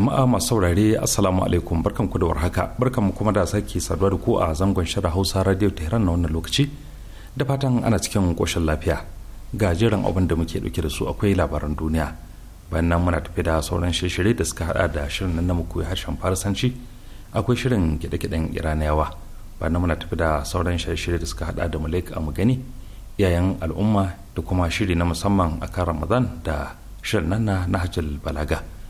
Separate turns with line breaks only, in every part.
jama'a masu saurare assalamu alaikum barkan ku da warhaka barkan mu kuma da sake saduwa da ku a zangon shirin hausa radio ta na wannan lokaci da fatan ana cikin koshin lafiya ga jiran abin da muke dauke da su akwai labaran duniya bayan nan muna tafi da sauran shirye da suka hada da shirin nan namu koyi harshen farsanci akwai shirin gida-gidan iraniyawa bayan nan muna tafi da sauran shirye da suka hada da malik a gani iyayen al'umma da kuma shiri na musamman akan ramadan da shirin nan na hajjal balaga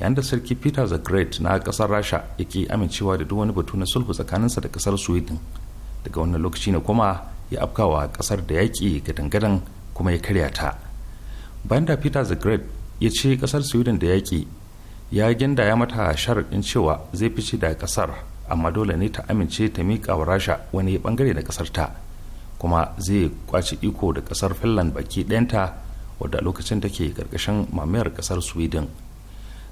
yayin da sarki peter the great na kasar rasha yake amincewa da duk wani batu na sulhu tsakaninsa da kasar sweden daga wannan lokaci ne kuma ya afkawa kasar da yaƙi gadan-gadan kuma ya karya ta bayan da peter the great ya ce kasar sweden da yaƙi ya ya mata sharaɗin cewa zai fice da kasar amma dole ne ta amince ta miƙa wa rasha wani bangare da kasar ta kuma zai kwaci iko da kasar finland baki ɗayanta wadda lokacin take karkashin mamayar kasar sweden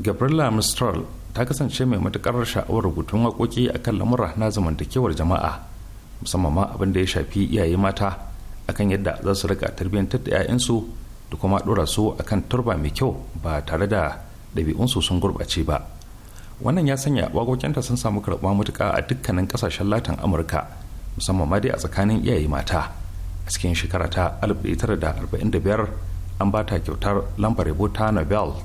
gabriela mistral ta kasance mai matukar sha'awar rubutun waƙoƙi kan lamura na zamantakewar jama'a musamman ma abin da ya shafi iyaye mata akan yadda za su rika tarbiyyantar da 'ya'yansu da kuma ɗora su akan turba mai kyau ba tare da ɗabi'unsu sun gurɓace ba wannan ya sanya waƙoƙinta sun samu karɓuwa matuƙa a dukkanin ƙasashen latin amurka musamman ma dai a tsakanin iyaye mata a cikin shekara ta 1945 an ba ta kyautar lambar rubuta nobel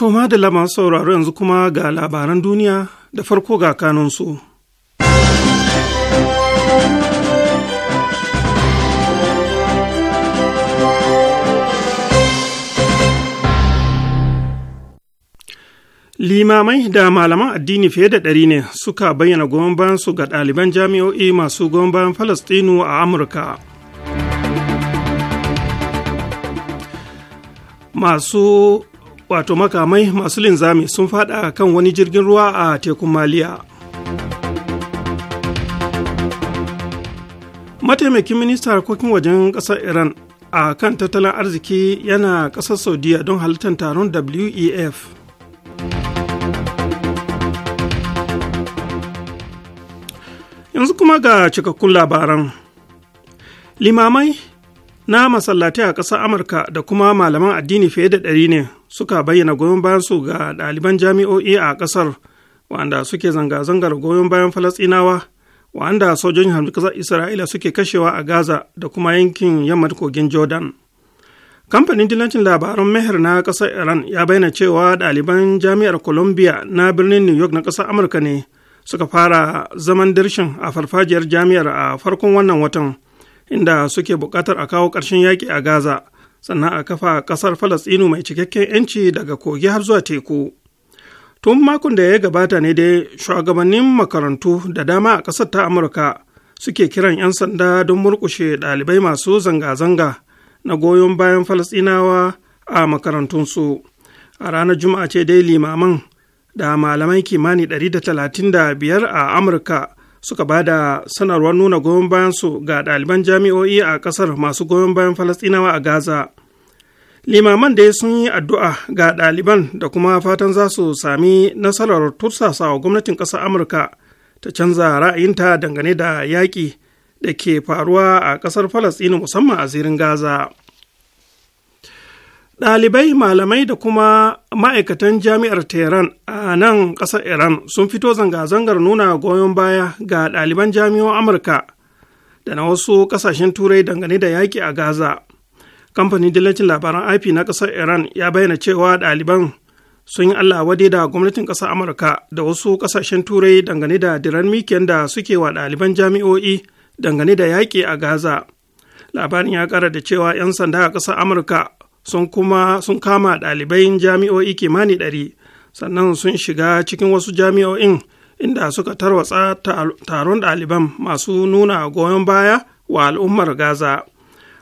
To ma da lama sauraro yanzu kuma ga labaran duniya da farko ga kanunsu. Limamai da malaman addini fiye da ɗari ne suka bayyana goyon bayan su ga ɗaliban jami'o'i masu goyon bayan Falastinu a Amurka. Masu wato makamai masu linzami sun fada kan wani jirgin ruwa a tekun maliya mataimakin Minista harkokin wajen ƙasar iran a kan tattalin arziki yana ƙasar saudiya don halittar taron wef yanzu kuma ga cikakkun labaran limamai na masallatai a ƙasar amurka da kuma malaman addini fiye da ɗari ne suka bayyana goyon bayan su ga ɗaliban jami'o'i a ƙasar wanda suke zanga-zangar goyon bayan falasɗinawa wanda sojojin hamdu ƙasar isra'ila suke kashewa a gaza da kuma yankin yamma kogin jordan kamfanin dilancin labaran meher na ƙasar iran ya bayyana cewa ɗaliban jami'ar columbia na birnin new york na ƙasar amurka ne suka fara zaman dirshin a farfajiyar jami'ar a farkon wannan watan inda suke buƙatar a kawo ƙarshen yaƙi a gaza sannan a kafa ƙasar falasɗinu mai cikakken 'yanci daga kogi har zuwa teku tun makon da ya gabata ne dai shugabannin makarantu da dama a ƙasar ta amurka suke kiran 'yan sanda don murƙushe ɗalibai masu zanga-zanga na goyon bayan falasɗinawa a makarantunsu a ranar juma'a ce dai limaman da malamai kimani 135 a amurka suka ba da sanarwar nuna goyon bayansu ga ɗaliban jami'o'i a ƙasar masu goyon bayan falastinawa a gaza limaman dai sun yi addu'a ga ɗaliban da kuma fatan za su sami nasarar wa gwamnatin ƙasar amurka ta canza ra'ayinta dangane da yaƙi da ke faruwa a ƙasar falastinu musamman a zirin gaza ɗalibai malamai da kuma ma'aikatan jami'ar tehran a nan ƙasar iran sun fito zanga-zangar nuna goyon baya ga ɗaliban jami'o'in amurka da na wasu ƙasashen turai dangane da yaƙi a gaza kamfanin dillacin labaran ip na ƙasar iran ya bayyana cewa ɗaliban sun yi allah wade da gwamnatin ƙasar amurka da wasu ƙasashen turai dangane da diran mikiyan da suke wa ɗaliban jami'o'i dangane da yaƙi a gaza labarin ya ƙara da cewa 'yan sanda a ƙasar amurka sun kuma sun kama ɗalibai jami'o'i kimanin ɗari sannan sun shiga cikin wasu jami'o'in inda suka tarwatsa taron ɗaliban masu nuna goyon baya wa al'ummar gaza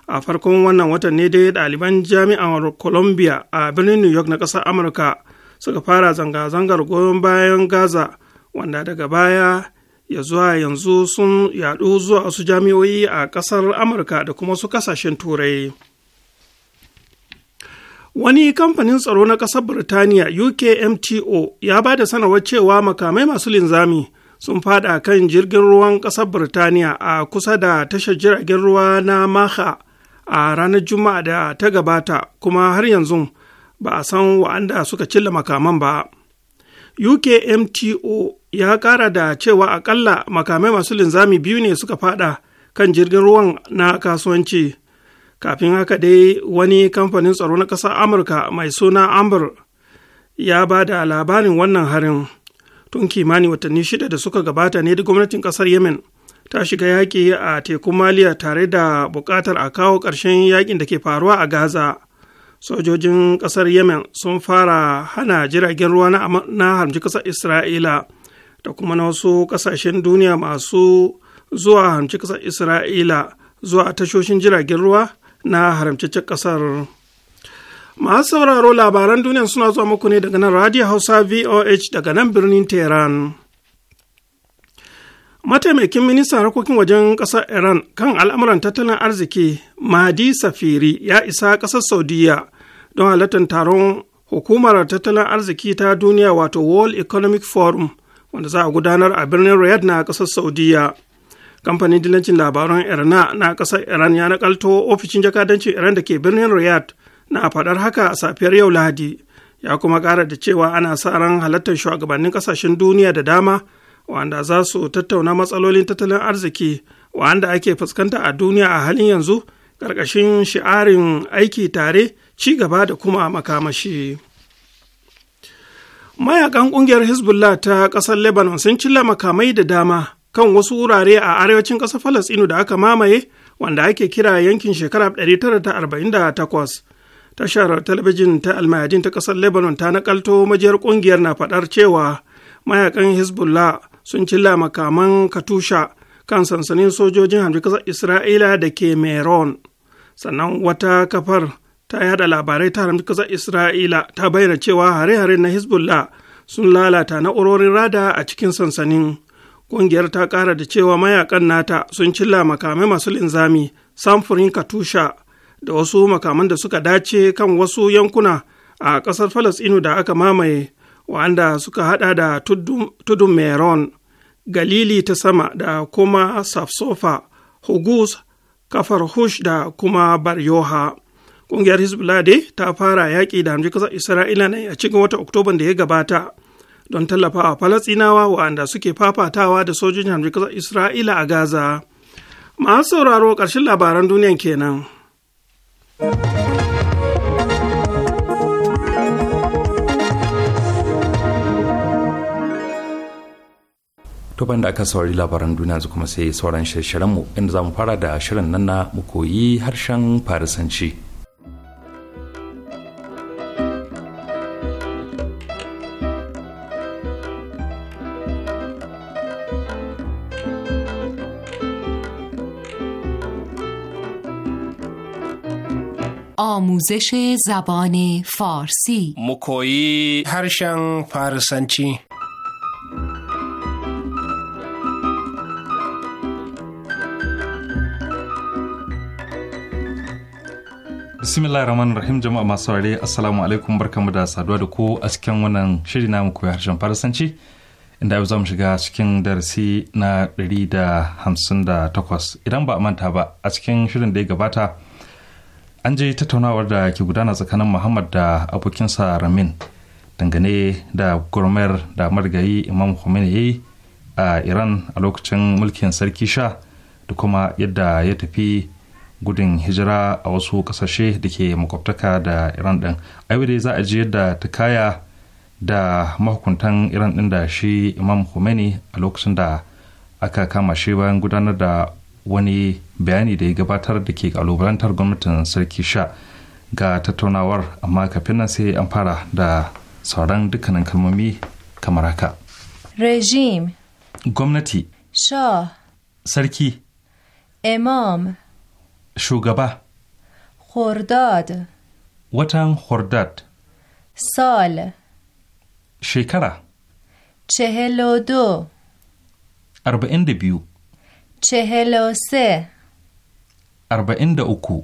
a farkon wannan watan ne dai ɗaliban jami'ar columbia a birnin new york na ƙasar amurka suka fara zanga-zangar goyon bayan gaza wanda daga baya ya zuwa yanzu sun yaɗu zuwa wasu jami'o'i a ƙasar amurka da kuma wasu ƙasashen turai Wani kamfanin tsaro na ƙasar Birtaniya UKMTO ya ba da sanarwar cewa makamai masu linzami sun fada kan jirgin ruwan ƙasar Birtaniya a kusa da tashar jiragen ruwa na Maha a ranar Juma'a da ta gabata kuma har yanzu ba a san wa'anda suka cilla makaman ba. UKMTO ya ƙara da cewa akalla makamai masu linzami biyu ne suka fada kan jirgin ruwan na kasuwanci. kafin haka dai wani kamfanin tsaro na ƙasar amurka mai suna amber ya ba da labarin wannan harin tun kimanin watanni shida da suka gabata ne da gwamnatin ƙasar yemen ta shiga yaƙi a tekun maliya tare da buƙatar a kawo ƙarshen yaƙin da ke faruwa a gaza sojojin ƙasar yemen sun fara hana jiragen ruwa na harmji ƙasar isra'ila da kuma na wasu ƙasashen duniya masu zuwa harmci ƙasar isra'ila zuwa tashoshin jiragen ruwa na haramtaccen ƙasar masu sauraro labaran duniya suna zuwa muku ne daga nan radio hausa voh daga nan birnin tehran mataimakin ministan harkokin wajen ƙasar iran kan al'amuran tattalin arziki mahdi safiri ya isa ƙasar saudiya don halartar taron hukumar tattalin arziki ta duniya wato world economic forum wanda za a gudanar a birnin riyadh na ƙasar saudiya kamfanin dilancin labaran irna na ƙasar iran ya nakalto ofishin jakadancin iran da ke birnin Riyad, na faɗar haka a safiyar yau lahadi ya kuma ƙara da cewa ana sa ran halartar shugabannin ƙasashen duniya da dama wanda za su tattauna matsalolin tattalin arziki wanda ake fuskanta a duniya a halin yanzu ƙarƙashin shi'arin aiki tare ci gaba da kuma makamashi mayakan ƙungiyar hezbollah ta ƙasar lebanon sun cilla makamai da dama kan wasu wurare a arewacin ƙasar Falasɗinu da aka mamaye wanda ake kira yankin shekara 1948. Tashar talabijin ta almayadin ta ƙasar Lebanon ta nakalto majiyar ƙungiyar na faɗar cewa mayakan Hezbollah sun cilla makaman Katusha kan sansanin sojojin hamdu Isra'ila da ke Meron. Sannan wata kafar ta yada labarai ta hamdu Isra'ila ta bayyana cewa hare-hare na Hezbollah sun lalata na'urorin rada a cikin sansanin. ƙungiyar ta ƙara da cewa mayakan nata sun cilla makamai masu linzami samfurin katusha da wasu makaman da suka dace kan wasu yankuna a ƙasar falasɗinu da aka mamaye wanda suka hada da tudun meron galili ta sama da kuma safsofa hugus kafar hush da kuma baryoha ƙungiyar hezbollah ta fara yaƙi da hamji ƙasar isra'ila ne a cikin wata oktoban da ya gabata don tallafawa falasinawa wa'anda suke fafatawa da sojojin hamdukar isra'ila a gaza masu sauraro ƙarshen labaran duniyan kenan.
tuban da aka saurari labaran duniya su kuma sai sauran shirye mu inda za mu fara da shirin nan na mu koyi harshen farisanci.
آموزش زبان فارسی
مکویی هرشن فارسنچی
bismillah rahman rahim jama'a masu ware assalamu alaikum barkamu da saduwa da ku a wannan shiri na koyi harshen farasanci inda yau za mu shiga cikin darasi na da da 158 idan ba a manta ba a cikin shirin da ya gabata an je tattaunawar da ke gudana tsakanin muhammad da abokinsa ramin dangane da gurmayar da margayi imam khomeini ya a iran a lokacin mulkin sarki sha da kuma yadda ya tafi gudun hijira a wasu kasashe da ke makwabtaka da iran din dai za a ji yadda ta kaya da mahukuntan iran din da shi imam khomeini a lokacin da aka kama shi bayan gudanar da wani bayani da ya gabatar da ke kalubalantar gwamnatin sarki sha ga tattaunawar amma kafin nan sai an fara da sauran dukkanin kalmomi kamar haka.
Regime
Gwamnati sha Sarki
Imam
Shugaba
Hordad
Watan Hordad
Sal Shekara چهل و دو
اربعین دبیو
چهل و سه
اربعین اوکو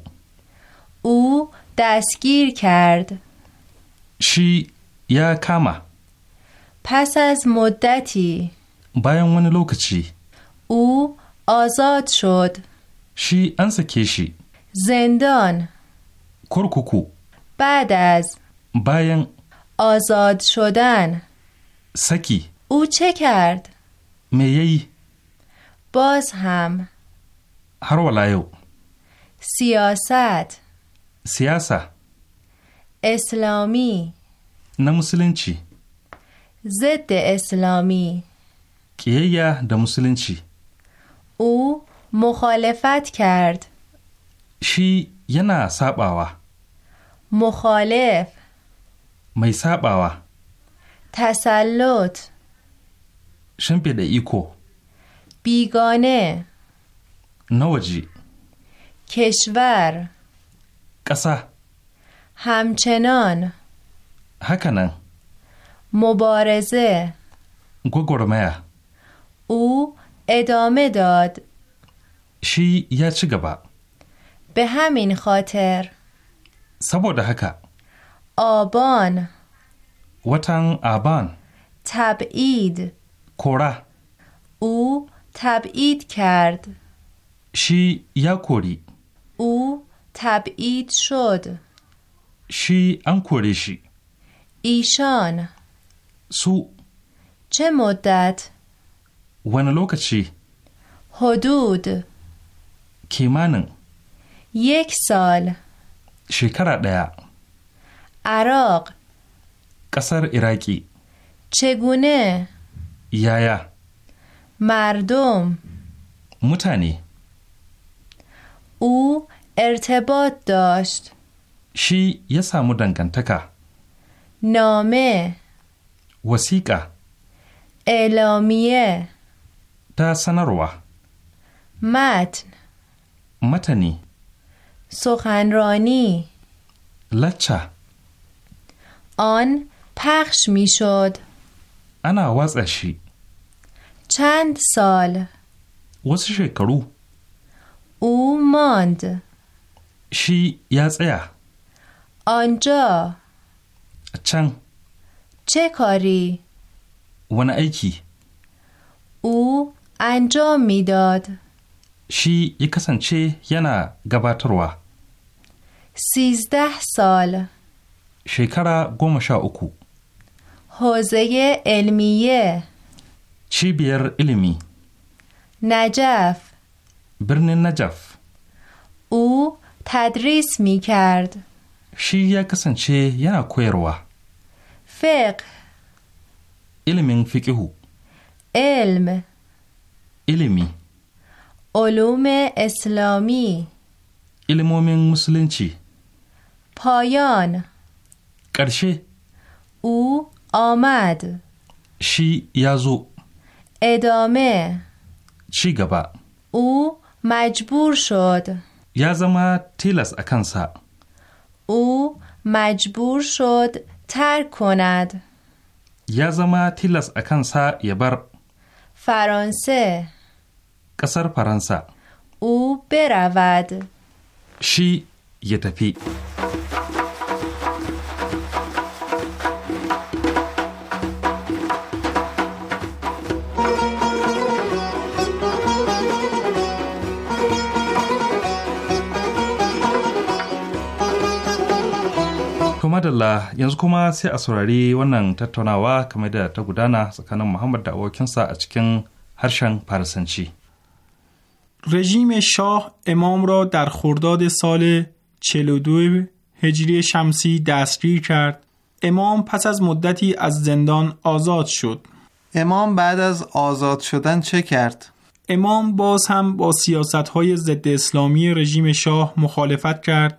او دستگیر کرد
شی یا کاما
پس از مدتی
باین ونی لوکچی
او آزاد
شد شی انسا کشی
زندان کرکوکو بعد از باین آزاد شدن سکی او چه کرد میی باز هم
هر ولایو
سیاست سیاست اسلامی
نه چی؟
ضد اسلامی
کیه ده چی؟
او مخالفت کرد
شی نه ساباوا
مخالف
می ساباوا
تسلط
شمپیده ایکو
بیگانه نوجی کشور قصه همچنان هکنن مبارزه
گوگرمه
او ادامه داد
شی یا چی گبا
به همین خاطر
سبوده هکا
آبان
وطن آبان
تبعید کره او تبعید کرد
شی یا کوری
او تبعید شد
شی انکورشی
ایشان سو چه مدت؟
ون لوکچی
حدود kimanin یک سال
shekara ɗaya Arok! ƙasar Iraki
Cegune Yaya Mardom Mutane U ارتباط داشت
شی یه سامو تکا
نامه
وسیقه
اعلامیه
تا سنروه
متن متنی سخنرانی لچه آن پخش شد انا
وزشی
چند سال
وزش کرو
او ماند
shi ya tsaya?
Anja. Can. Ce
Wani aiki?
U anjo midad.
Shi ya kasance yana gabatarwa.
Sizdah sal.
Shekara goma sha uku.
Hozeye elmiye.
Cibiyar ilimi.
Najaf.
Birnin Najaf.
U تدریس می کرد شی
یا کسنچه ینا کویروا فقه علم فکهو
علم علمی علوم اسلامی
مسلم چی؟
پایان کرشه او آمد
شی یازو
ادامه چی گبا او مجبور شد
یا زما تیلس اکنسا
او مجبور شد ترک کند
یا زما تیلس اکنسا یبر
فرانسه
قصر فرانسه
او برود
شی یتفی madalla yanzu kuma sai a saurari wannan tattaunawa kamar da ta gudana tsakanin Muhammad da abokinsa a cikin harshen Farisanci. رژیم
شاه امام را در خرداد سال 42 هجری شمسی دستگیر کرد امام پس از مدتی از زندان آزاد شد امام بعد از آزاد شدن چه کرد؟ امام باز هم با سیاست های ضد اسلامی رژیم شاه مخالفت کرد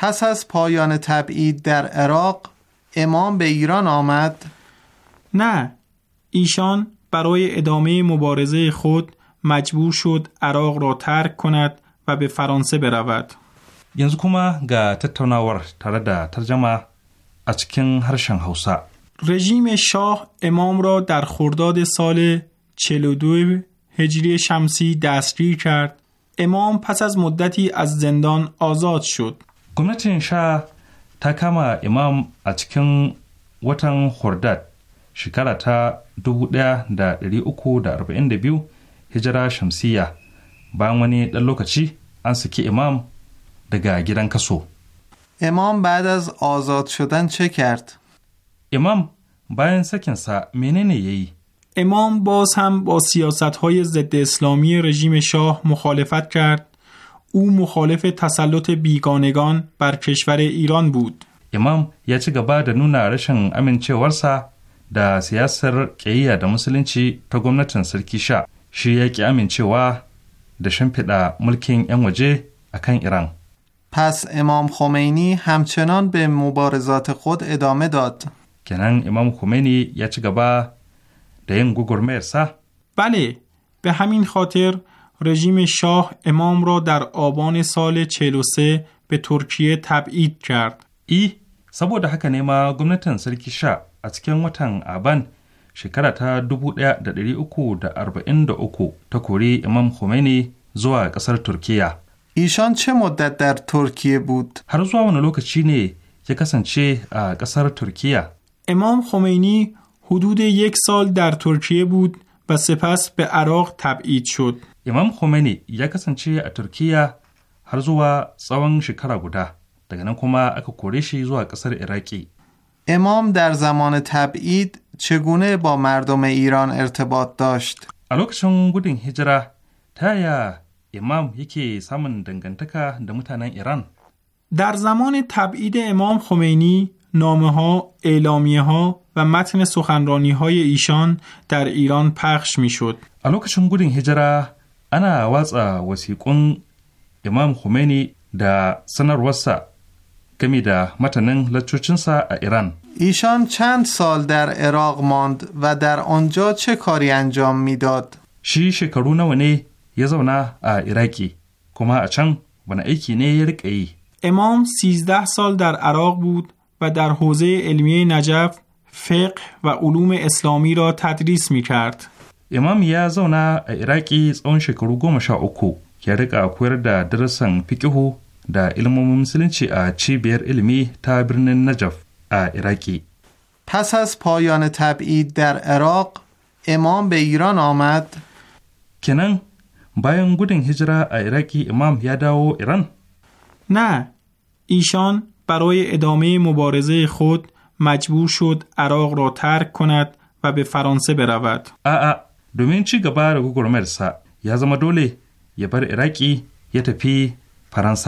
پس از پایان تبعید در عراق امام به ایران آمد؟ نه ایشان برای
ادامه مبارزه خود مجبور شد عراق را ترک کند و به فرانسه برود yanzu کما گا تتناور تردد ترجمه از کن رژیم شاه امام را در خرداد سال 42 هجری شمسی دستگیر کرد. امام پس از مدتی
از زندان آزاد شد. gwamnatin sha ta kama imam a cikin watan hordad shekara ta 1342 hijira shamsiya bayan wani ɗan lokaci an saki imam daga gidan kaso امام بعد از آزاد شدن چه imam bayan sakinsa menene ya yi? امام باز هم
با سیاست های ضد اسلامی رژیم شاه مخالفت کرد او مخالف
تسلط بیگانگان بر کشور ایران بود. امام یا چی گبا دا نونا رشن امن چه ورسا دا سیاسر کهی دا مسلین چی تا گمنتن سرکی شا. شی یکی امن چه وا دا شمپی ملکین این وجه اکن ایران.
پس امام خمینی همچنان به مبارزات خود ادامه داد. کنان امام خمینی یا چی گبا دا این گو گرمه ارسا؟
بله به همین خاطر رژیم شاه امام را در آبان
سال 43 به ترکیه تبعید کرد. ای سبوده حکا نیما گمنتن سرکی شا از کن آبان شکراتا دوبو دیا در اکو تا کوری امام خومنی زوا کسر ترکیه. ایشان چه مدت در ترکیه بود؟ هر زوا و لوکچی نی چه کسن چه
ترکیه؟ امام خمینی حدود یک سال در ترکیه بود و
سپس به عراق تبعید شد. Imam Khomeini ya kasance a Turkiya har zuwa tsawon shekara guda daga nan kuma aka kore shi zuwa kasar Iraki.
Imam dar zaman tab'id chegune ba mardom Iran irtibat dasht.
A lokacin gudun hijira ta ya Imam yake samun dangantaka da mutanen Iran. Dar zaman tab'id Imam Khomeini نامه ها،
اعلامیه ها و متن سخنرانی های ایشان در ایران پخش می
شد. الو گودین هجره ana watsa wasiƙun imam khomeini da sanarwarsa da matanin متنن لچوچنسا ایران
ایشان چند سال در عراق ماند و در آنجا چه کاری انجام
میداد؟ شی شکرونه و نه زونه ایراکی کما اچن و نه ایکی نه ای امام سیزده سال در عراق بود و در حوزه
علمیه نجف فقه و علوم اسلامی را تدریس می کرد. imam
ya zauna a iraki tsawon shekaru goma sha uku ya rika koyar da darasan fikihu da ilmomin musulunci a cibiyar ilimi ta birnin najaf a
پس از پایان تبعید در عراق امام به ایران آمد کنن بایان گودن هجرا عراقی امام یاداو
ایران نه ایشان برای ادامه مبارزه خود مجبور شد عراق را ترک کند و به فرانسه برود. آه آه. domin
ci gaba da gwagwarmayarsa ya zama dole ya bar iraki ya tafi faransa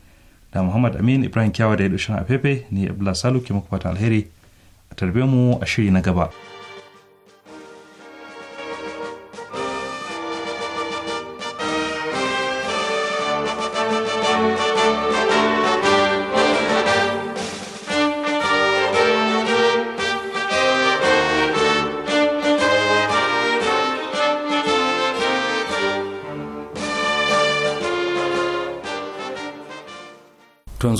da muhammad amin ibrahim kyawa da ya dushe na ne abdullahi salu ke muku fatan alheri a tarbe mu a shiri na gaba.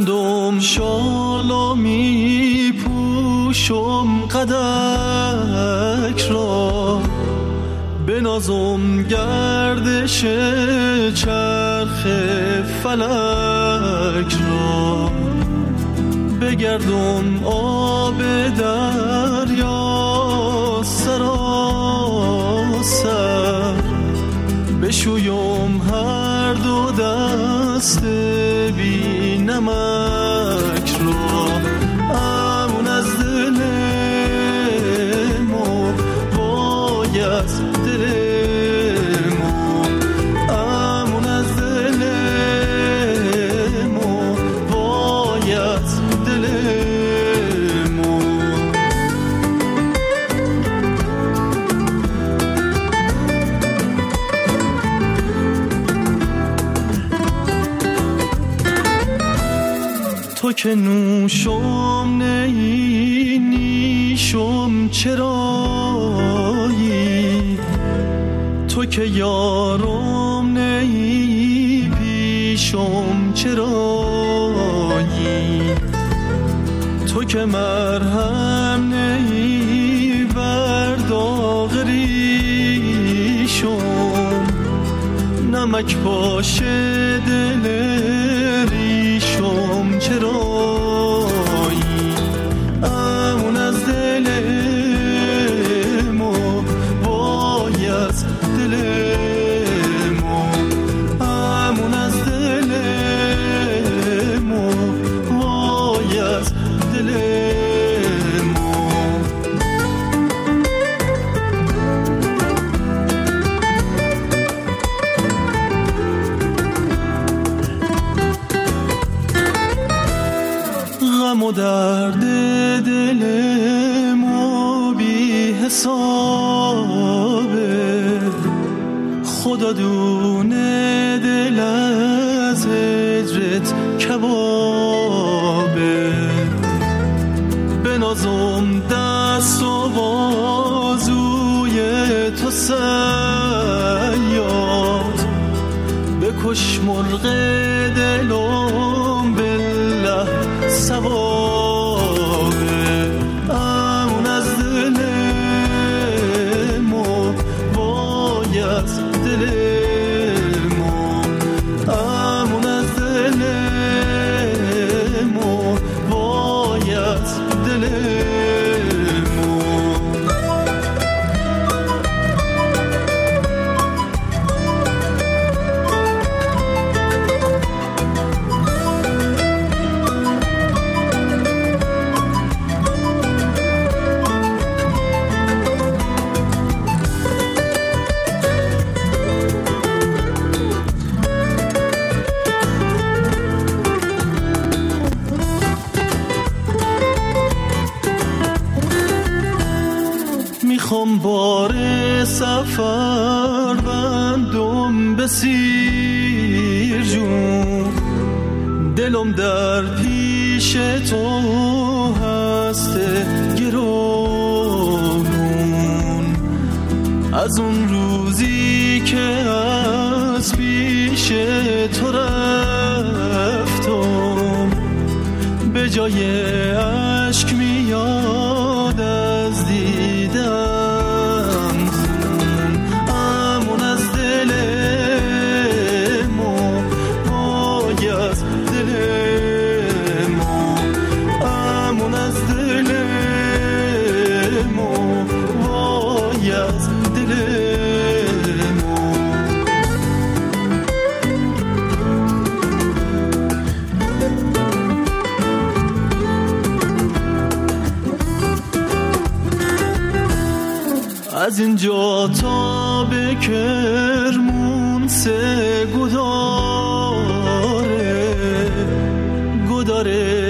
گندم شالا می پوشم قدک را به نازم گردش چرخ فلک را بگردم آب دریا سراسر بشویم هر دو دسته 么。که نوشم نی نیشم چرایی تو که یارم نی پیشم چرایی تو که مرهم نی بر داغ نمک باشه دلم بکرمون سه گداره گداره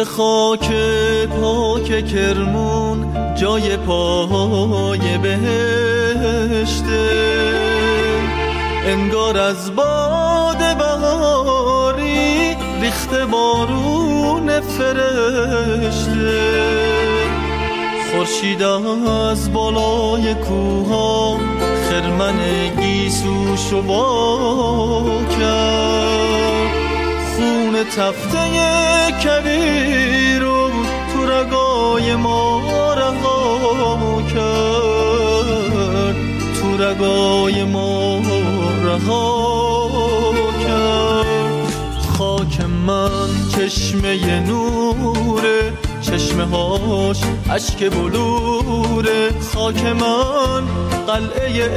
خاک پاک کرمون جای پاهای بهشته انگار از باد بهاری ریخته بارون فرشته خورشید از بالای کوها خرمن گیسو و کرد خون تفته رو تو رگای ما رهامو کرد تو رگای ما رها کرد خاک من چشمه نوره چشمه هاش عشق بلوره خاک من قلعه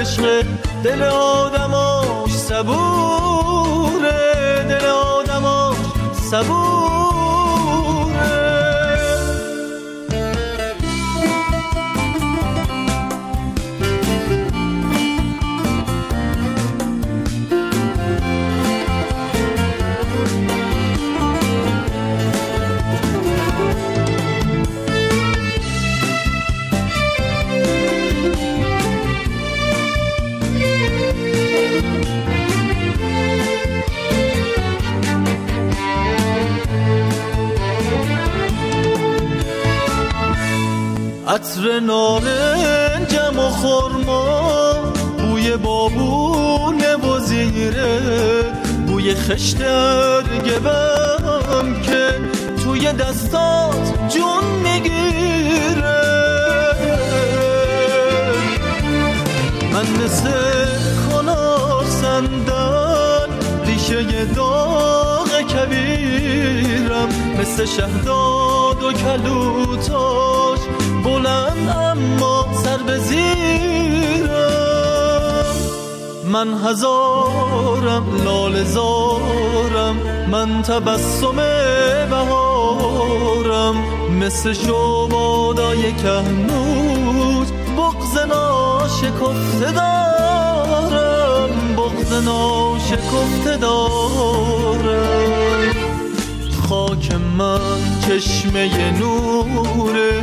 عشق دل آدماش صبوره sabor. عطر نارنجم و خورما بوی بابونه و زیره بوی خشت گبم که توی دستات جون میگیره من مثل کنار سندن ریشه داغ کبیرم مثل شهداد و کلوتان بلند اما سر به زیرم من هزارم لال زارم من تبسم بهارم مثل شبادای کهنوت بغز ناشکفته دارم بغز ناشکفته دارم خاک من چشمه نوره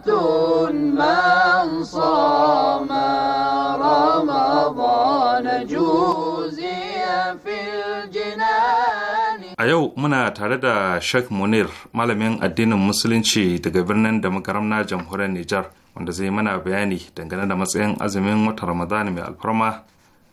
من صام رمضان جوزيا في الجنان
A yau muna tare da Sheikh Munir, malamin addinin Musulunci daga birnin da na jamhuriyar Nijar, wanda zai mana bayani dangane da matsayin azumin wata Ramadan mai alfarma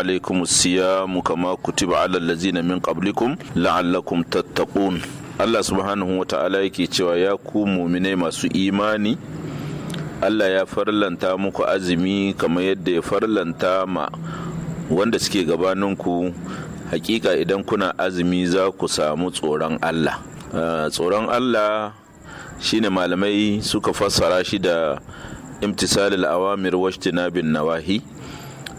alaikum siyamu kama kutiba ala allazina min qablikum la'allakum Allah subhanahu wa yake cewa ya ku muminai masu imani Allah ya farlanta muku azumi kamar yadda ya farlanta ma wanda suke gabaninku hakika idan kuna azumi za ku samu tsoron Allah ah, tsoron Allah shine malamai suka fassara shi da imtisalil awamir washtina bin nawahi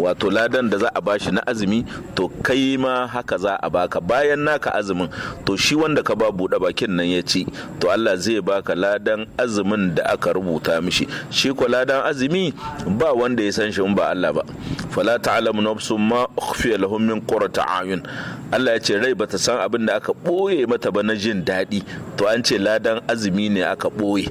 wato ladan da za a bashi na azumi to kai ma haka za a baka bayan naka azumin to shi wanda ka ba buɗe bakin nan ya ci to Allah zai baka ladan azumin da aka rubuta mishi shi ko ladan azumi ba wanda ya san shi ba Allah ba fala ta'lamu nafsun ma ukhfiya lahum min qurrati ayun Allah ya ce rai bata san abin da aka ɓoye mata ba na jin daɗi to an ce ladan azumi ne aka ɓoye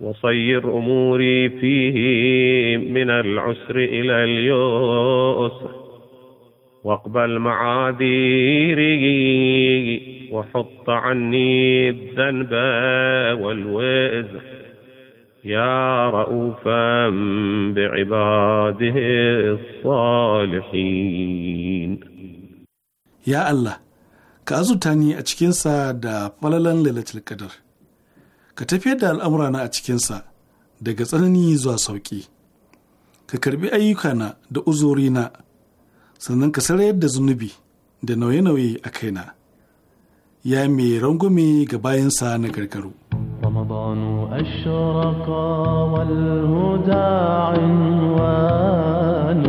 وصير أموري فيه من العسر إلى اليسر واقبل معاذيري وحط عني الذنب والوزر يا رؤوفا بعباده الصالحين
يا الله كأزو تاني أتشكين سادة cikinsa ليلة القدر ka tafiyar da na a cikinsa daga tsanani zuwa sauƙi ka karbi ayyukana da uzurina sannan ka sarayar da zunubi da nauye-nauye a kaina ya mai rangume ga bayansa na gargaro
رمضان أشرق والهدى عنوان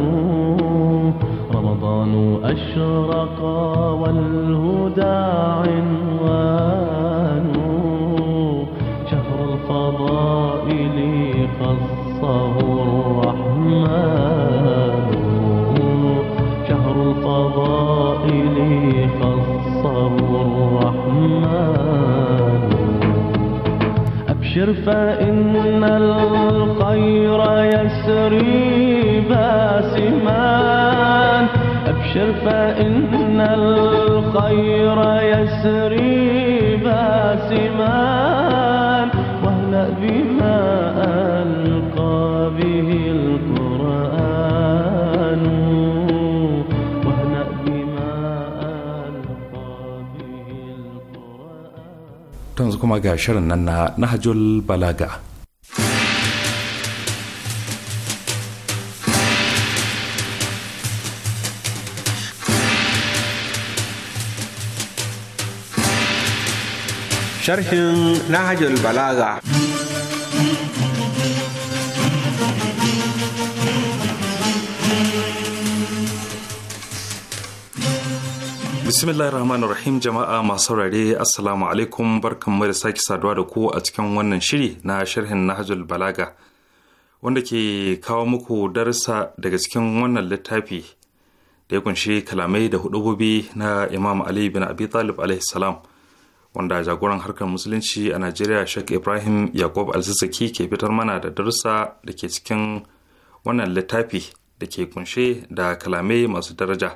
رمضان أشرق والهدى عنوان شهر الفضائل خصه الرحمن أبشر فإن الخير يسري باسمان أبشر فإن الخير يسري
yanzu kuma ga shirin nan na Nahajul Balaga.
Sharhin Nahajul Balaga.
bismillahir rahmanir rahim jama'a masu saurare assalamu alaikum barkan mu da sake saduwa da ku a cikin wannan shiri na sharhin nahjul balaga wanda ke kawo muku darsa daga cikin wannan littafi da ya kunshi kalamai da hudububi na imam ali bin abi talib alaihi salam wanda jagoran harkar musulunci a najeriya sheikh ibrahim yakub alzizaki ke fitar mana da darsa da ke cikin wannan littafi da ke kunshe da kalamai masu daraja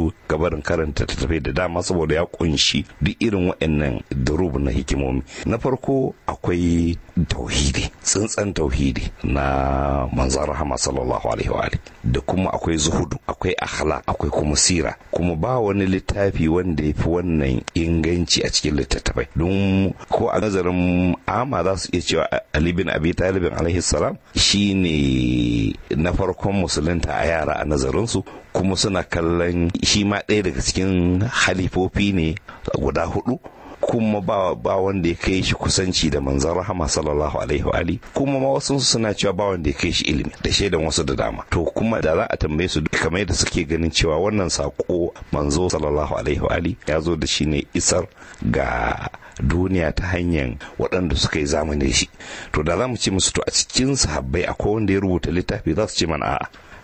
su gabarin karanta ta tafi da dama saboda ya kunshi duk irin waɗannan durub na hikimomi na farko akwai tauhidi tsintsan tauhidi na manzan rahama sallallahu alaihi wa da kuma akwai zuhudu akwai akhla akwai kuma sira kuma ba wani littafi wanda ya fi wannan inganci a cikin littattafai don ko a nazarin ama za su iya cewa ali bin abi talibin alaihi salam shine na farkon musulunta a yara a nazarin su kuma suna kallon shi ma ɗaya daga cikin halifofi ne guda hudu kuma ba wanda ya kai shi kusanci da manzon rahama sallallahu alaihi wa ali kuma ma wasu suna cewa ba wanda ya kai shi ilimi da shaidan wasu da dama to kuma da za a tambaye su kamar yadda suke ganin cewa wannan sako manzo sallallahu alaihi wa ali ya zo da shi ne isar ga duniya ta hanyar waɗanda suka yi zamani shi to da za mu ce musu to a cikin sahabbai akwai wanda ya rubuta littafi za su ce mana a'a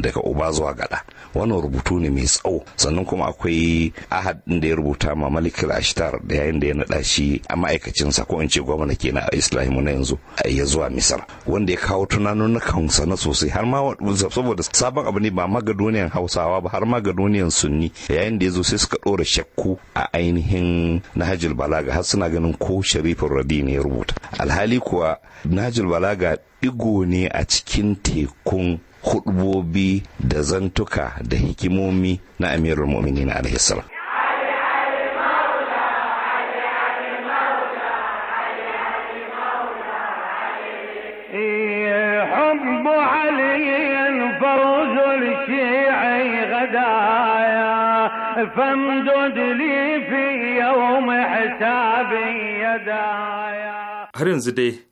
daga uba zuwa gada wannan rubutu ne mai tsawo sannan kuma akwai ahad ɗin da ya rubuta ma malik ashtar da yayin da ya naɗa shi a ma'aikacinsa ko in ce gwamna na a islamu na yanzu a iya zuwa misar wanda ya kawo tunanin na sosai har ma saboda sabon abu ne ba magadoniyan hausawa ba har ma ga magadoniyan sunni yayin da ya zo sai suka ɗora shakku a ainihin nahajul balaga har suna ganin ko sharifin radi ne ya rubuta alhali kuwa nahajul balaga digo ne a cikin tekun hudubobi da zantuka da hikimomi na amirul mu'minin alaihi salam
حب علي
har yanzu dai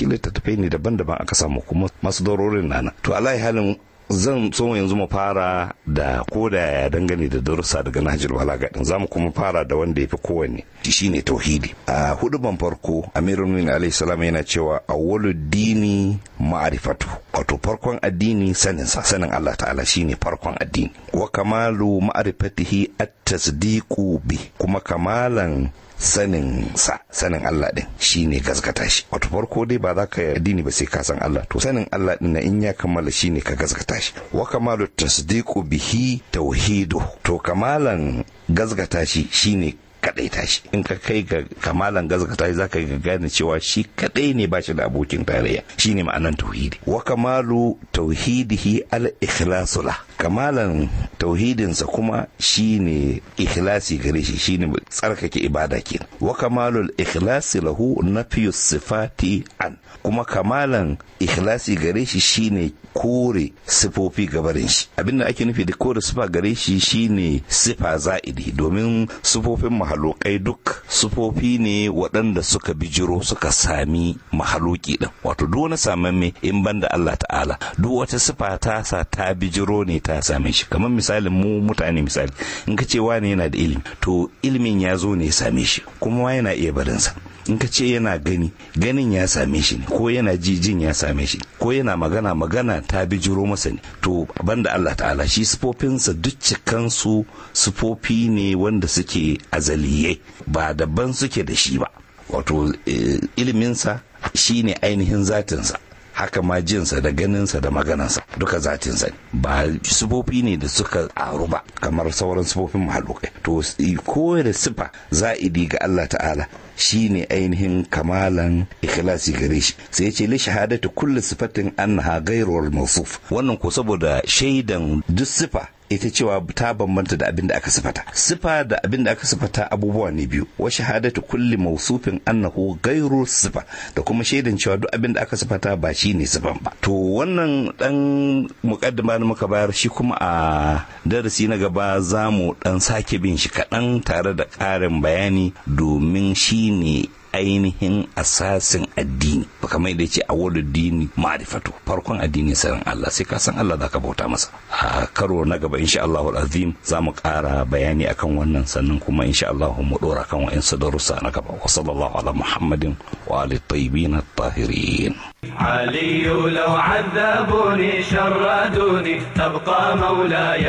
cikin littattafai ne daban-daban aka samu kuma masu na nana to alai halin zan so yanzu mu fara da ko da ya dangane da darussa daga nahjul balaga din zamu kuma fara da wanda yafi kowanne shine tauhidi a huduban farko amirul mu'minin alaihi salam yana cewa awwalu dini ma'rifatu wato farkon addini sanin sa sanin Allah ta'ala shine farkon addini wa kamalu ma'rifatihi at-tasdiqu bi kuma kamalan sanin sa sanin Allah din shine gaskata shi wato farko dai ba za ka yi addini ba sai ka san Allah to sanin Allah din na in ya kammala shine ka gaskata shi wa kamalu tasdiqu bihi tauhidu to kamalan gaskata shi shine kadai tashi in ka kai ga kamalan gazgata za zaka ga gane cewa shi kadai ne ba shi da abokin tarayya shine ma'anan tauhidi wa kamalu tauhidihi al ikhlasu kamalan tauhidinsa kuma shine ikhlasi gare shi Shi ne tsarkake ibada ke wa kamalul ikhlasi lahu na sifati an kuma kamalan ikhlasi gare shi shine kore sifofi gabarin shi abinda ake nufi da kore sifa gare shi shi ne sifa za'idi domin sifofin mahalokai duk sifofi ne waɗanda suka bijiro suka sami mahaloki din wato duk wani samamme in banda Allah ta'ala duk wata sifa ta sa ta bijiro ne ta same shi kamar misalin mu mutane misali in ka ce wani yana da ilimi to ilimin ya zo ne ya same shi kuma wa yana iya barinsa in ka ce yana gani ganin ya same shi ne ko yana jijin ya same shi ko yana magana magana ta bijiro masa ne to banda Allah ta'ala shi sufofinsa duk cikan su sufofi ne wanda suke azaliye ba daban suke da shi ba wato eh, iliminsa shine ainihin zatinsa haka ma jinsa da ganinsa da maganansa duka zatin sani. ba sifofi ne da suka aru ba kamar sauran sifofin mahalukai to kowane sifa za'idi ga Allah ta'ala shine ainihin kamalan ikhlasi gare shi sai ya ce li shahadatu kulli sifatin annaha ghairu al-mawsuf wannan ko saboda shaidan duk sifa ita cewa ta bambanta da abin da aka sifata sifa da abin da aka sifata abubuwa ne biyu wa shahadatu kulli mawsufin annahu ghairu sifa da kuma shaidan cewa duk abin da aka sifata ba shi ne sifan ba to wannan dan mukaddama da muka bayar shi kuma a darasi na gaba zamu mu dan sake bin shi kaɗan tare da ƙarin bayani domin shi ne ainihin asasin addini ba kamar da ce a wadda dini farkon addini sarin Allah sai ka san Allah zaka bauta masa a karo na gaba insha Allah azim za mu kara bayani akan wannan sannan kuma insha Allah mu dora kan wa'insu darussa na gaba wa sallallahu ala muhammadin wa ali tayyibin tahirin
علي لو عذبوني شردوني تبقى مولاي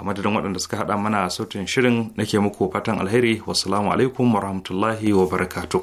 a madadin waɗanda suka haɗa mana sautin shirin na nake muku fatan alheri wasu alaikum wa rahmatullahi wa barakatuh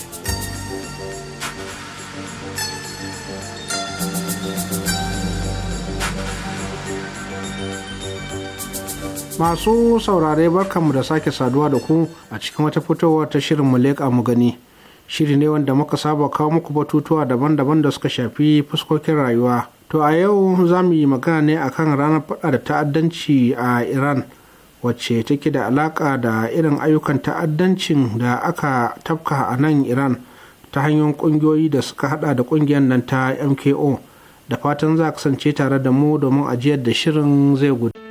Masu saurare barkanmu da sake saduwa da ku a cikin wata fitowar ta shirin Muleka mu gani. Shiri ne wanda muka saba kawo muku batutuwa daban-daban da suka shafi fuskokin rayuwa. To a yau za mu yi magana ne a kan ranar faɗa da ta'addanci a Iran wacce take da alaƙa da irin ayyukan ta'addancin da aka tafka a nan Iran ta hanyoyin ƙungiyoyi da suka hada da ƙungiyar nan ta MKO. Da fatan za kasance tare da mu domin ajiyar da shirin zai gudu.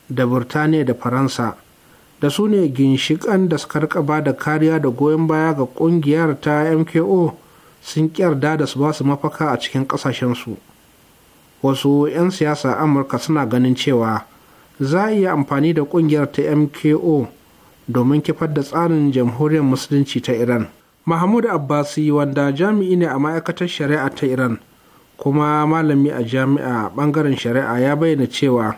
da burtaniya da faransa da su ne ginshikan da suka ba da kariya da goyon baya ga kungiyar ta mko sun kyarda da su basu mafaka a cikin kasashensu wasu 'yan siyasa amurka suna ganin cewa za a iya amfani da kungiyar ta mko domin kifar da tsarin jamhuriyar musulunci ta iran mahmud abbasi wanda jami'i ne a ma'aikatar shari'a ta iran kuma malami a jami'a bangaren shari'a ya bayyana cewa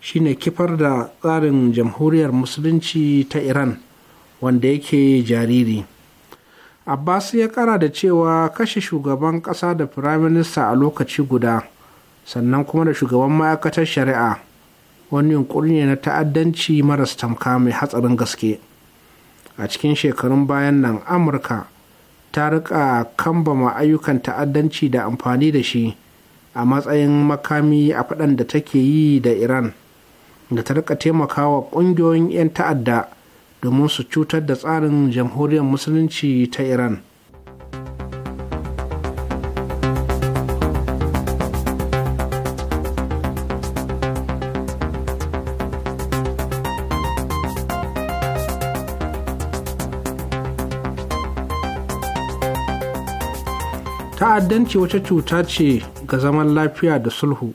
shine kifar da tsarin jamhuriyar musulunci ta iran wanda yake jariri abbas ya kara da cewa kashe shugaban kasa da firaminista a lokaci guda sannan kuma da shugaban ma'aikatar shari'a wani yunkuri ne na ta'addanci maras tamka mai hatsarin gaske a cikin shekarun bayan nan amurka ta rika kambama ayyukan ta'addanci da amfani da shi a matsayin makami a faɗan da take yi da iran da ta rika taimakawa ƙungiyoyin 'yan ta'adda domin su cutar da tsarin jamhuriyar musulunci ta iran ta'addanci wata cuta ce ga zaman lafiya da sulhu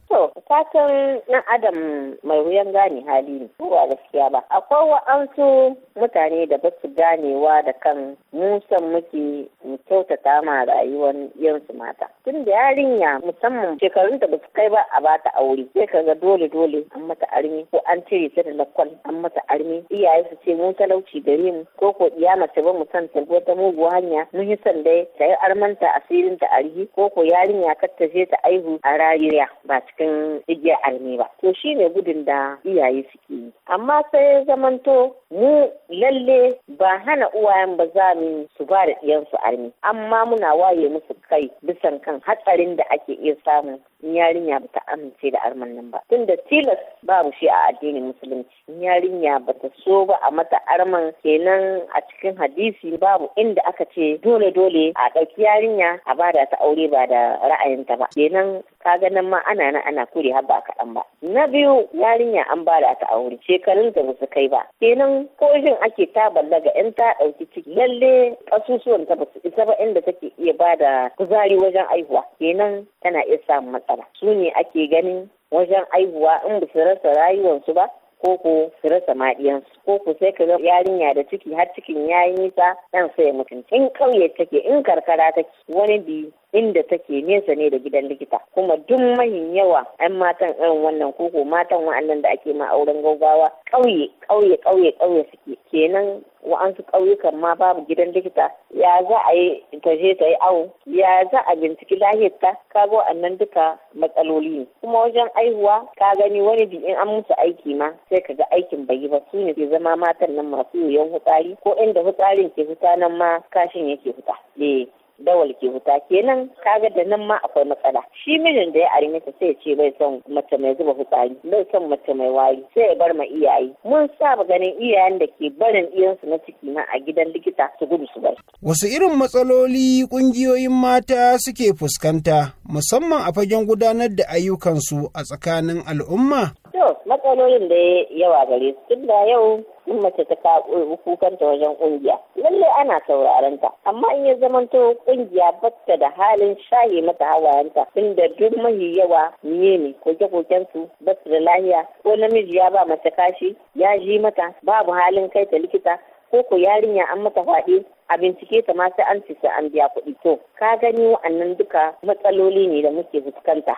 fatan na adam mai wuyan gane hali ne kowa gaskiya ba akwai wa'ansu mutane da ba su ganewa da kan musan muke mu kyautata ma rayuwar yansu mata tun da yarinya musamman shekarun da ba su kai ba a ba ta aure sai ka ga dole dole an mata armi ko an cire ta da lakwal an mata armi iyaye su ce mun talauci gare mu ko ko iya mace ba mu san ta ta mugu hanya mun yi san dai ta yi armanta asirin ta arhi ko ko yarinya kar ta je ta aihu a rariya ba cikin igiyar armi ba to shine gudun da iyaye suke yi amma sai zamanto mu lalle ba hana uwayen ba za mu su ba da ɗiyansu armi amma muna waye musu kai bisan kan hatsarin da ake iya samu in yarinya ba ta amince da arman nan ba Tun da tilas babu shi a addinin musulunci in yarinya ba ta so ba a mata arman kenan a cikin hadisi babu inda aka ce dole dole a ɗauki yarinya a bada ta aure ba da ra'ayinta ba kenan ka ga nan ma ana nan ana kure har ba kaɗan ba na biyu yarinya an bada ta aure shekarun da ba su kai ba kenan ko jin ake ta ballaga in ta ɗauki ciki lalle ƙasusuwan ta ba su isa ba inda take iya ba da kuzari wajen aihuwa kenan tana iya samun matsala matsala su ne ake ganin wajen aihuwa in ba su rasa rayuwarsu ba ko ko su rasa maɗiyansu ko ko sai ka ga yarinya da ciki har cikin yayi nisa ɗan sai mutum in ƙauye take in karkara take wani bi inda take nesa ne da gidan likita kuma duk mahin yawa 'yan matan irin wannan koko matan wa'annan da ake ma auren gaugawa ƙauye ƙauye ƙauye ƙauye suke kenan wa'ansu ƙauyukan ma babu gidan likita ya za a yi ta ta yi awo ya za a binciki lahiyar ta kaga wa'annan duka matsaloli ne kuma wajen aihuwa ka gani wani bi in an musu aiki ma sai ka ga aikin bai yi ba su ne zama matan nan masu yoyon hutsari ko inda hutsarin ke fita nan ma kashin yake fita E! dawal ke huta kenan kaga da nan ma akwai matsala shi mijin da ya ari mata sai ya ce bai son mace mai zuba fitsari bai son mace mai wayi. sai ya bar ma iyaye mun sa ba ganin iyayen da ke barin iyansu na ciki na a gidan likita su gudu su bar
wasu irin matsaloli kungiyoyin mata suke fuskanta musamman a fagen gudanar da ayyukansu a tsakanin al'umma
To, matsalolin da ya yawa gare su tun da yau sun mace ta kukanta wajen ƙungiya, Lalle ana sauraron ta, amma in ya zamanto ƙungiya batta da halin shaye mata hawayenta inda duk mahi yawa niye ne koke-koken su basu da lahiya ko namiji ya ba mace kashi ya ji mata babu halin kai ta likita ko ko yarinya an mata faɗi a bincike ta ma sai an ci an biya kuɗi to ka gani wa'annan duka matsaloli ne da muke fuskanta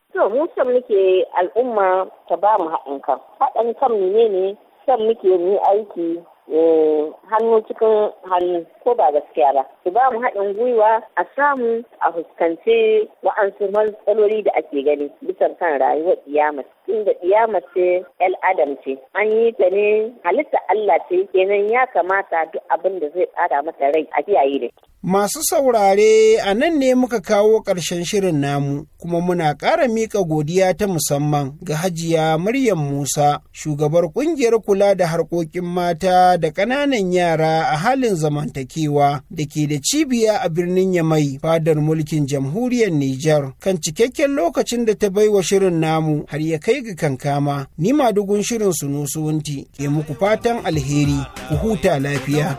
so mu san muke al'umma ta ba mu haɗin kan. Haɗin kan ne ne san muke mu aiki eh, hannu cikin hannu. ko ba gaskiya ba su ba mu haɗin gwiwa a samu a fuskanci wa'ansu matsaloli da ake gani bisa kan rayuwar kiyama inda kiyama ce el adam ce an yi ta ne halitta Allah ce kenan ya kamata duk abin da zai ƙara mata rai a kiyaye da
Masu saurare a nan ne muka kawo ƙarshen shirin namu kuma muna ƙara miƙa godiya ta musamman ga hajiya Maryam Musa shugabar ƙungiyar kula da harkokin mata da ƙananan yara a halin zamantake kewa da ke da cibiya a birnin Yamai fadar mulkin jamhuriyar Nijar kan cikakken lokacin da ta bai wa shirin namu har ya kai ga kankama ni madugun shirin su sunusuwunti ke muku fatan alheri ku huta lafiya.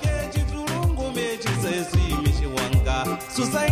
Susai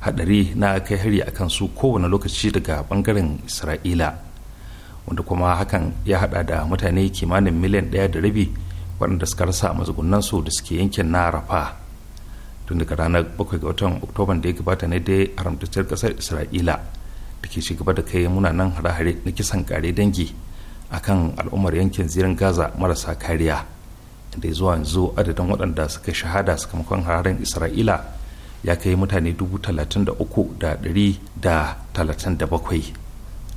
hadari na kai hari a kansu kowane lokaci daga bangaren isra'ila wanda kuma hakan ya hada da mutane kimanin miliyan ɗaya da rabi waɗanda suka rasa mazugunan su da suke yankin na rafa tun daga ranar 7 ga watan oktoba da ya gabata na dai haramtacciyar ƙasar isra'ila da ke shigaba da kai munanan hare-hare na kisan kare dangi a kan al'ummar yankin zirin gaza marasa kariya da zuwa yanzu adadin waɗanda suka shahada sakamakon hararen isra'ila ya kai mutane dubu talatin talatin da da da da uku bakwai.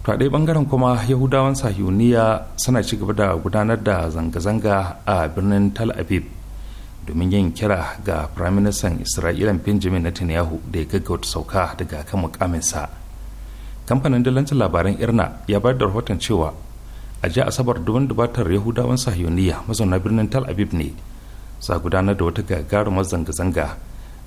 to a ɗaya ɓangaren kuma yahudawan sahiyuniya suna ci gaba da gudanar da zanga-zanga a birnin tal aviv domin yin kira ga firaministan isra'ilan benjamin netanyahu da ya gaggauta sauka daga kan mukaminsa kamfanin dalancin labaran irna ya bayar da rahoton cewa a ji asabar domin dubatar yahudawan sahiyuniya mazauna birnin tal aviv ne za gudanar da wata gagarumar zanga-zanga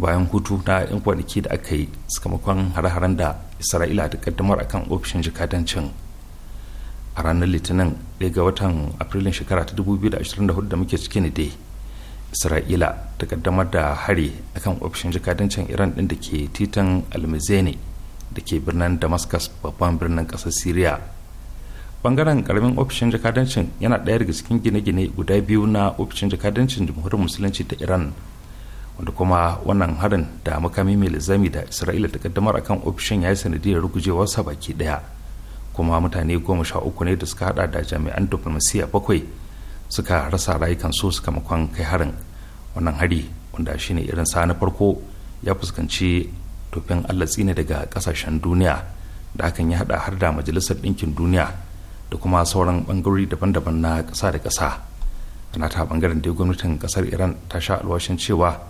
bayan hutu na 'yan kwanaki da aka yi sakamakon hare-haren da isra'ila ta kaddamar akan ofishin jikadancin a ranar litinin daya ga watan afrilun shekara ta 2024 da muke ciki ne dai isra'ila ta kaddamar da hari akan ofishin jikadancin iran din da ke titan almazene da ke birnin damascus babban birnin kasar syria bangaren karamin ofishin jakadancin yana ɗaya daga cikin gine-gine guda biyu na ofishin jakadancin jamhuriyar musulunci ta iran wanda kuma wannan harin da makami mai lizami da isra'ila ta kaddamar akan ofishin ya yi sanadiyar rugujewarsa baki daya kuma mutane goma sha uku ne da suka hada da jami'an diplomasiya bakwai suka rasa rayukansu makon kai harin wannan hari wanda shine irin sa na farko ya fuskanci tofin allah tsini daga kasashen duniya da hakan ya hada har da majalisar ɗinkin duniya da kuma sauran bangarori daban-daban na ƙasa da ƙasa ana ta bangaren dai gwamnatin ƙasar iran ta sha alwashin cewa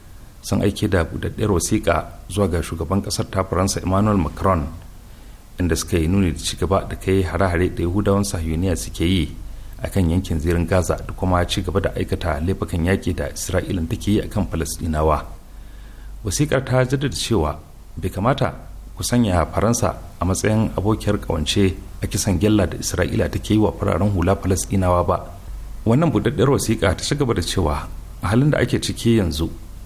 sun aiki da budaddiyar wasiƙa zuwa ga shugaban ƙasar ta faransa emmanuel macron inda suka yi nuni da cigaba da kai hare-hare da yahudawan sahiyoniya suke yi a kan yankin zirin gaza da kuma ci gaba da aikata laifukan yaƙi da ta take yi a kan falasɗinawa wasiƙar ta jaddada cewa bai kamata ku sanya faransa a matsayin abokiyar ƙawance a kisan gyalla da isra'ila take yi wa fararen hula falasɗinawa ba wannan budaddiyar wasiƙa ta ci gaba da cewa a halin da ake ciki yanzu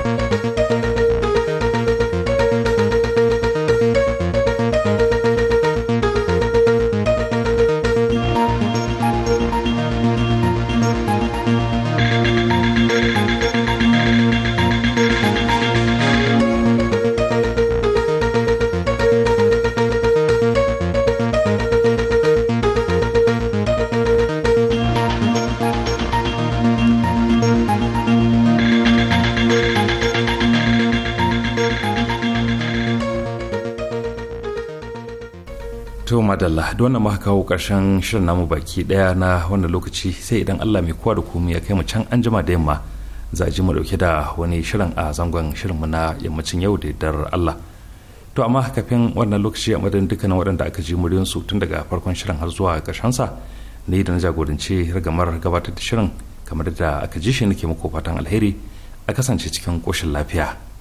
Música da wannan muka kawo karshen shirin namu baki daya na wannan lokaci sai idan Allah mai kowa da komai ya kai mu can anjima da yamma za ji mu dauke da wani shirin a zangon shirin mu na yammacin yau da dar Allah to amma kafin wannan lokaci a madadin dukkanin waɗanda aka ji muryin su tun daga farkon shirin har zuwa karshen sa ne da na jagoranci rigamar gabatar da shirin kamar da aka ji shi nake muku fatan alheri a kasance cikin koshin lafiya